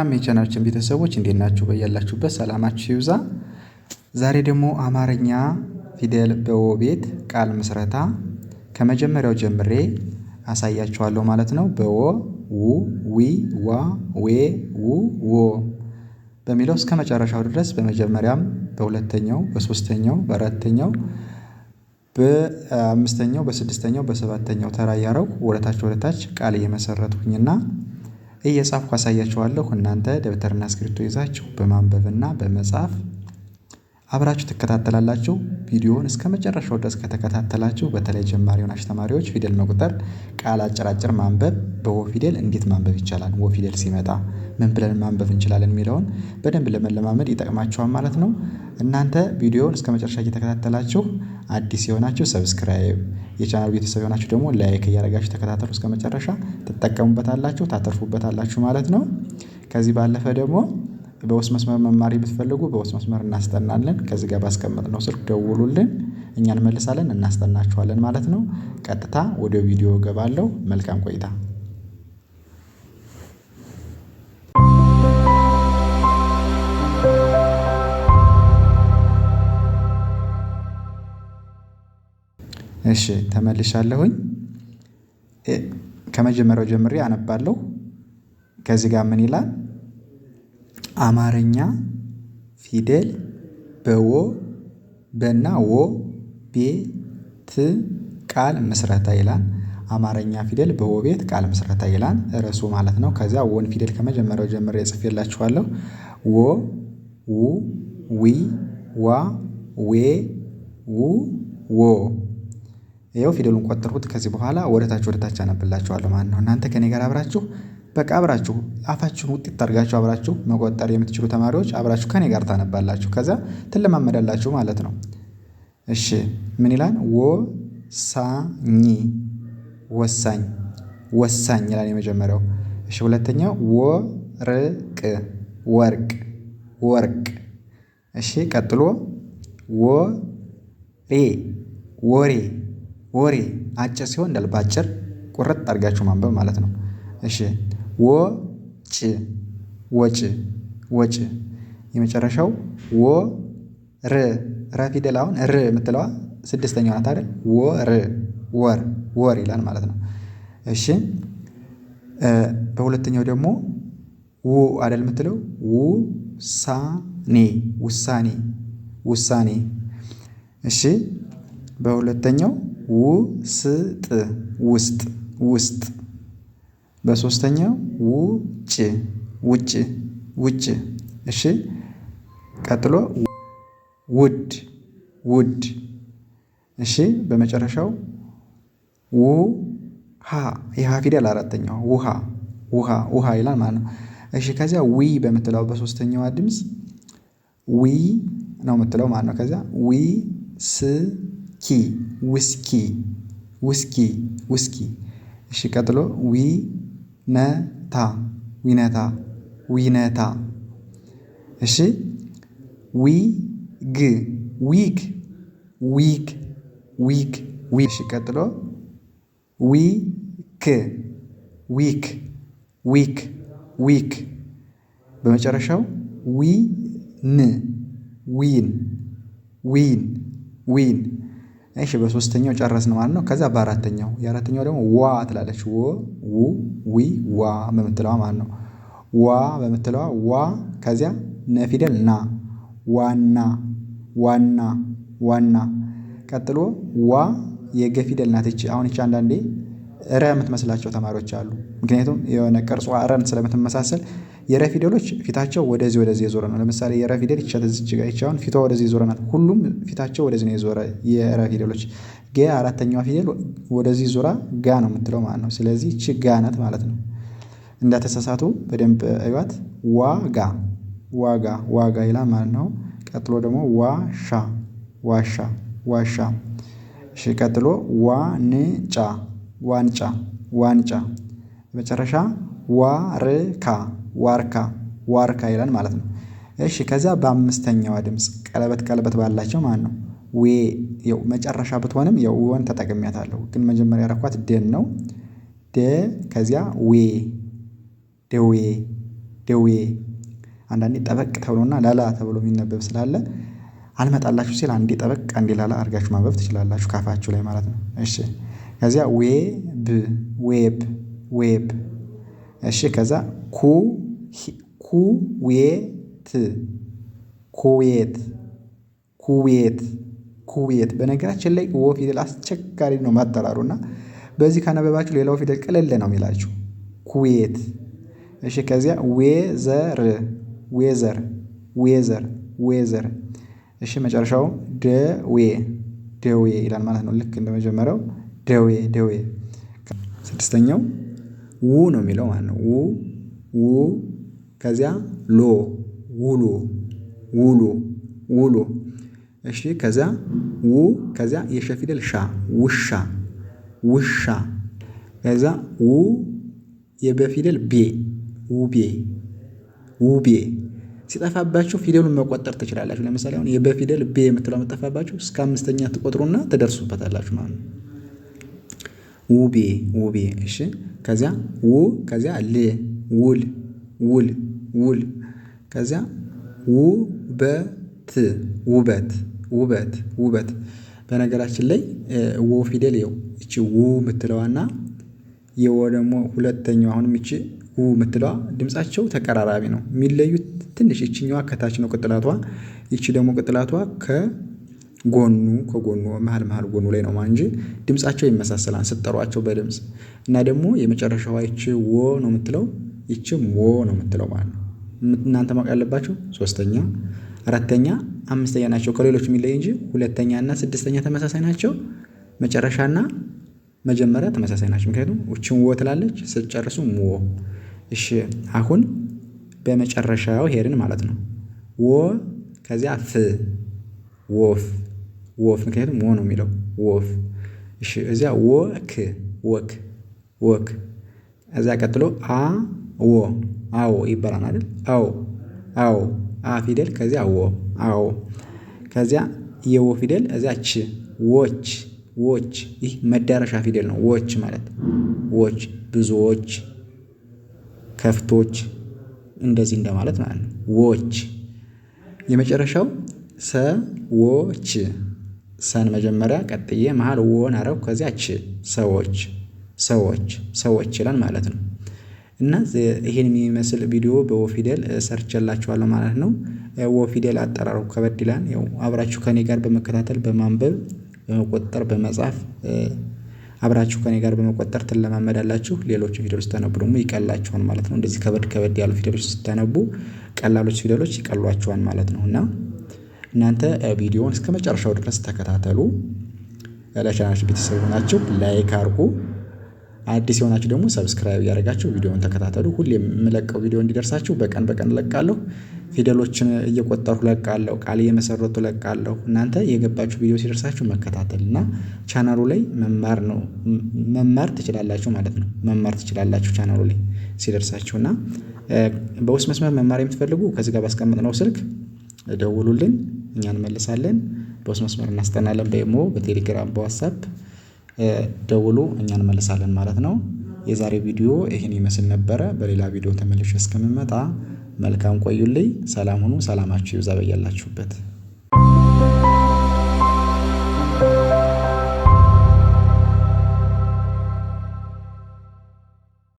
ሰላም የቻናችን ቤተሰቦች እንዴት ናችሁ? በያላችሁበት ሰላማችሁ ይብዛ። ዛሬ ደግሞ አማርኛ ፊደል በወ ቤት ቃል ምስረታ ከመጀመሪያው ጀምሬ አሳያችኋለሁ ማለት ነው። በወ ው ዊ ዋ ዌ ው ዎ በሚለው እስከ መጨረሻው ድረስ በመጀመሪያም፣ በሁለተኛው፣ በሶስተኛው፣ በአራተኛው፣ በአምስተኛው፣ በስድስተኛው፣ በሰባተኛው ተራ እያረኩ ወደታች ወደታች ቃል እየመሰረትኩኝና እየጻፍኩ አሳያችኋለሁ። እናንተ ደብተርና እስክሪብቶ ይዛችሁ በማንበብና በመጻፍ አብራችሁ ትከታተላላችሁ ቪዲዮውን መጨረሻው ድረስ ከተከታተላችሁ በተለይ ጀማሪ የሆናችሁ ተማሪዎች ፊደል መቁጠር፣ ቃል አጨራጭር ማንበብ፣ በወ ፊደል እንዴት ማንበብ ይቻላል፣ ወ ፊደል ሲመጣ ምን ብለን ማንበብ እንችላለን የሚለውን በደንብ ለመለማመድ ይጠቅማችኋል ማለት ነው። እናንተ ቪዲዮውን እስከመጨረሻ እየተከታተላችሁ አዲስ የሆናችሁ ሰብስክራይብ፣ የቻናል ቤተሰብ የሆናችሁ ደግሞ ላይክ እያደረጋችሁ ተከታተሉ። መጨረሻ ትጠቀሙበታላችሁ፣ ታተርፉበታላችሁ ማለት ነው። ከዚህ ባለፈ ደግሞ በውስጥ መስመር መማር የምትፈልጉ በውስጥ መስመር እናስጠናለን ከዚህ ጋር ባስቀመጥነው ስልክ ደውሉልን እኛ እንመልሳለን እናስጠናችኋለን ማለት ነው። ቀጥታ ወደ ቪዲዮ ገባለው። መልካም ቆይታ። እሺ ተመልሻለሁኝ። ከመጀመሪያው ጀምሬ አነባለሁ። ከዚህ ጋር ምን ይላል? አማርኛ ፊደል በወ በና ወ ቤት ቃል ምስረታ ይላል አማርኛ ፊደል በወ ቤት ቃል ምስረታ ይላል ርዕሱ ማለት ነው። ከዚያ ወን ፊደል ከመጀመሪያው ጀምሮ ጽፌላችኋለሁ። ወ ው ዊ ዋ ዌ ው ዎ ይኸው ፊደሉን ቆጠርኩት ከዚህ በኋላ ወደታች ወደታች አነብላችኋለሁ ማለት ነው። እናንተ ከኔ ጋር አብራችሁ በቃ አብራችሁ አፋችሁን ውጤት አድርጋችሁ አብራችሁ መቆጠር የምትችሉ ተማሪዎች አብራችሁ ከኔ ጋር ታነባላችሁ ከዛ ትለማመዳላችሁ ማለት ነው። እሺ ምን ይላል ወሳኝ ወሳኝ ወሳኝ ይላል የመጀመሪያው እሺ ሁለተኛው ወርቅ ወርቅ ወርቅ እሺ ቀጥሎ ወሬ ወሬ ወሬ አጭር ሲሆን እንዳለ በአጭር ቁርጥ አድርጋችሁ ማንበብ ማለት ነው። እሺ ወጭ ወጭ ወጭ የመጨረሻው ወ ር ረ ፊደል አሁን ር የምትለዋ ስድስተኛው ናት አይደል ወር ወር ወር ይላል ማለት ነው። እሺ በሁለተኛው ደግሞ ው አይደል የምትለው ውሳኔ ውሳኔ ውሳኔ እሺ በሁለተኛው ውስጥ ውስጥ ውስጥ በሶስተኛው ውጭ ውጭ ውጭ እሺ ቀጥሎ ውድ ውድ እሺ በመጨረሻው ውሃ የሃ ፊደል አራተኛው ውሃ ውሃ ውሃ ይላል ማለት ነው። እሺ ከዚያ ዊ በምትለው በሶስተኛዋ ድምፅ ዊ ነው የምትለው ማለት ነው። ከዚያ ዊ ስ ኪ ውስኪ ውስኪ ውስኪ እሺ ቀጥሎ ዊ ነታ ዊነታ ዊነታ እሺ ዊግ ዊግ ዊግ ዊግ ዊግ ቀጥሎ ዊክ ዊክ ዊክ ዊክ በመጨረሻው ዊን ዊን ዊን ዊን እሺ በሶስተኛው ጨረስን ማለት ነው። ከዛ በአራተኛው የአራተኛው ደግሞ ዋ ትላለች ወ ው ዊ ዋ በምትለዋ ማለት ነው። ዋ በምትለዋ ዋ ከዚያ ነፊደል ና ዋና ዋና ዋና ቀጥሎ ዋ የገ ፊደል ናት አሁን ይቺ አንዳንዴ ረ የምትመስላቸው ተማሪዎች አሉ ምክንያቱም የሆነ ቅርጿ ረን ስለምትመሳሰል የረ ፊደሎች ፊታቸው ወደዚህ ወደዚህ የዞረ ነው። ለምሳሌ የረ ፊደል ይቻተዝች ጋ ይቻሁን ፊቷ ወደዚህ የዞረ ናት። ሁሉም ፊታቸው ወደዚህ ነው የዞረ የረ ፊደሎች። ገ አራተኛዋ ፊደል ወደዚህ ዞራ ጋ ነው የምትለው ማለት ነው። ስለዚህ ች ጋ ናት ማለት ነው። እንዳተሳሳቱ በደንብ እዩዋት። ዋጋ ዋጋ ዋጋ ይላ ማለት ነው። ቀጥሎ ደግሞ ዋሻ ዋሻ ዋሻ። እሺ ቀጥሎ ዋንጫ ዋንጫ ዋንጫ። መጨረሻ ዋርካ ዋርካ ዋርካ ይላል ማለት ነው። እሺ ከዛ በአምስተኛዋ ድምጽ ቀለበት ቀለበት ባላቸው ማለት ነው። ዌ ው መጨረሻ ብትሆንም ያው ወን ተጠቅሜያታለሁ ግን መጀመሪያ ያረኳት ደን ነው። ደ ከዚያ ዌ ደዌ ደዌ አንዳንዴ ጠበቅ ተብሎና ላላ ተብሎ የሚነበብ ስላለ አልመጣላችሁ ሲል አንዴ ጠበቅ አንዴ ላላ አድርጋችሁ ማንበብ ትችላላችሁ ከአፋችሁ ላይ ማለት ነው። እሺ ከዚያ ዌብ ዌብ ዌብ እሺ ከዛ ኩ ኩዌት ኩዌት ኩዌት ኩዌት በነገራችን ላይ ወ ፊደል አስቸጋሪ ነው ማጠራሩ እና በዚህ ካነበባችሁ ሌላው ፊደል ቅልል ነው የሚላችሁ ኩዌት። እሺ ከዚያ ዌዘር ዌዘር ዌዘር ዌዘር። እሺ መጨረሻው ደዌ ደዌ ይላል ማለት ነው። ልክ እንደመጀመሪያው ደዌ ደዌ። ስድስተኛው ው ነው የሚለው ማለት ነው። ው ው ከዚያ ሎ ውሎ ውሎ ውሎ እሺ ከዚያ ው ከዚያ የሸ ፊደል ሻ ውሻ ውሻ ከዚያ ው የበፊደል ቤ ውቤ ውቤ ሲጠፋባችሁ ፊደሉን መቆጠር ትችላላችሁ። ለምሳሌ አሁን የበፊደል ቤ የምትለው መጠፋባችሁ እስከ አምስተኛ ትቆጥሩና ትደርሱበታላችሁ ማለት ነው። ውቤ ውቤ እሺ ከዚያ ው ከዚያ ል ውል ውል ውል ከዚያ ውበት ውበት ውበት ውበት በነገራችን ላይ ወ ፊደል የው እቺ ው ምትለዋና የወ ደግሞ ሁለተኛው አሁንም እቺ ው የምትለዋ ድምፃቸው ተቀራራቢ ነው የሚለዩት ትንሽ እችኛዋ ከታች ነው ቅጥላቷ ይቺ ደግሞ ቅጥላቷ ከጎኑ ከጎኑ መሃል መሃል ጎኑ ላይ ነው እንጂ ድምፃቸው ይመሳሰላል ስትጠሯቸው በድምጽ እና ደግሞ የመጨረሻዋ ይቺ ወ ነው የምትለው ይቺ ሞ ነው የምትለው ማለት ነው። እናንተ ማወቅ ያለባችሁ ሶስተኛ፣ አራተኛ፣ አምስተኛ ናቸው ከሌሎች የሚለይ እንጂ ሁለተኛ እና ስድስተኛ ተመሳሳይ ናቸው። መጨረሻና መጀመሪያ ተመሳሳይ ናቸው። ምክንያቱም ውች ወ ትላለች ስትጨርሱ ሞ። እሺ አሁን በመጨረሻው ሄድን ማለት ነው። ወ ከዚያ ፍ ወፍ ወፍ፣ ምክንያቱም ሞ ነው የሚለው ወፍ። እሺ እዚያ ወክ ወክ ወክ፣ እዚያ ቀጥሎ አ ዎ አዎ ይባላል አይደል አዎ አዎ አ ፊደል ከዚያ ዎ አዎ ከዚያ የዎ ፊደል እዚያ ች ዎች ዎች ይህ መዳረሻ ፊደል ነው ዎች ማለት ዎች ብዙዎች ከፍቶች እንደዚህ እንደማለት ማለት ነው ዎች የመጨረሻው ሰዎች ሰን መጀመሪያ ቀጥዬ መሃል ወን አረው ከዚያ ች ሰዎች ሰዎች ሰዎች ይላል ማለት ነው እና ይሄን የሚመስል ቪዲዮ በወፊደል ፊደል ሰርቼላችኋለሁ ማለት ነው። ወፊደል አጠራሩ ከበድ ይላል ያው አብራችሁ ከኔ ጋር በመከታተል በማንበብ በመቆጠር በመጻፍ አብራችሁ ከኔ ጋር በመቆጠር ትለማመዳላችሁ ሌሎች ፊደሎች ስታነቡ ደግሞ ይቀላችኋል ማለት ነው። እንደዚህ ከበድ ከበድ ያሉ ፊደሎች ስታነቡ ቀላሎች ፊደሎች ይቀሏችኋል ማለት ነው። እና እናንተ ቪዲዮውን መጨረሻው ድረስ ተከታተሉ። ለቻናላችን ቤተሰብ ሆናችሁ ላይክ አርጉ። አዲስ የሆናችሁ ደግሞ ሰብስክራይብ እያደረጋችሁ ቪዲዮውን ተከታተሉ። ሁሌም የምለቀው ቪዲዮ እንዲደርሳችሁ በቀን በቀን እለቃለሁ። ፊደሎችን እየቆጠሩ እለቃለሁ። ቃል እየመሰረቱ እለቃለሁ። እናንተ የገባችሁ ቪዲዮ ሲደርሳችሁ መከታተል እና ቻናሉ ላይ መማር ነው መማር ትችላላችሁ ማለት ነው። መማር ትችላላችሁ ቻናሉ ላይ ሲደርሳችሁ እና በውስጥ መስመር መማር የምትፈልጉ ከዚህ ጋር ባስቀመጥነው ስልክ ደውሉልን፣ እኛ እንመልሳለን። በውስጥ መስመር እናስጠናለን። በኢሞ፣ በቴሌግራም፣ በዋትሳፕ ደውሉ እኛ እንመልሳለን ማለት ነው። የዛሬ ቪዲዮ ይህን ይመስል ነበረ በሌላ ቪዲዮ ተመልሼ እስከምመጣ መልካም ቆዩልኝ ሰላም ሁኑ ሰላማችሁ ይብዛ በያላችሁበት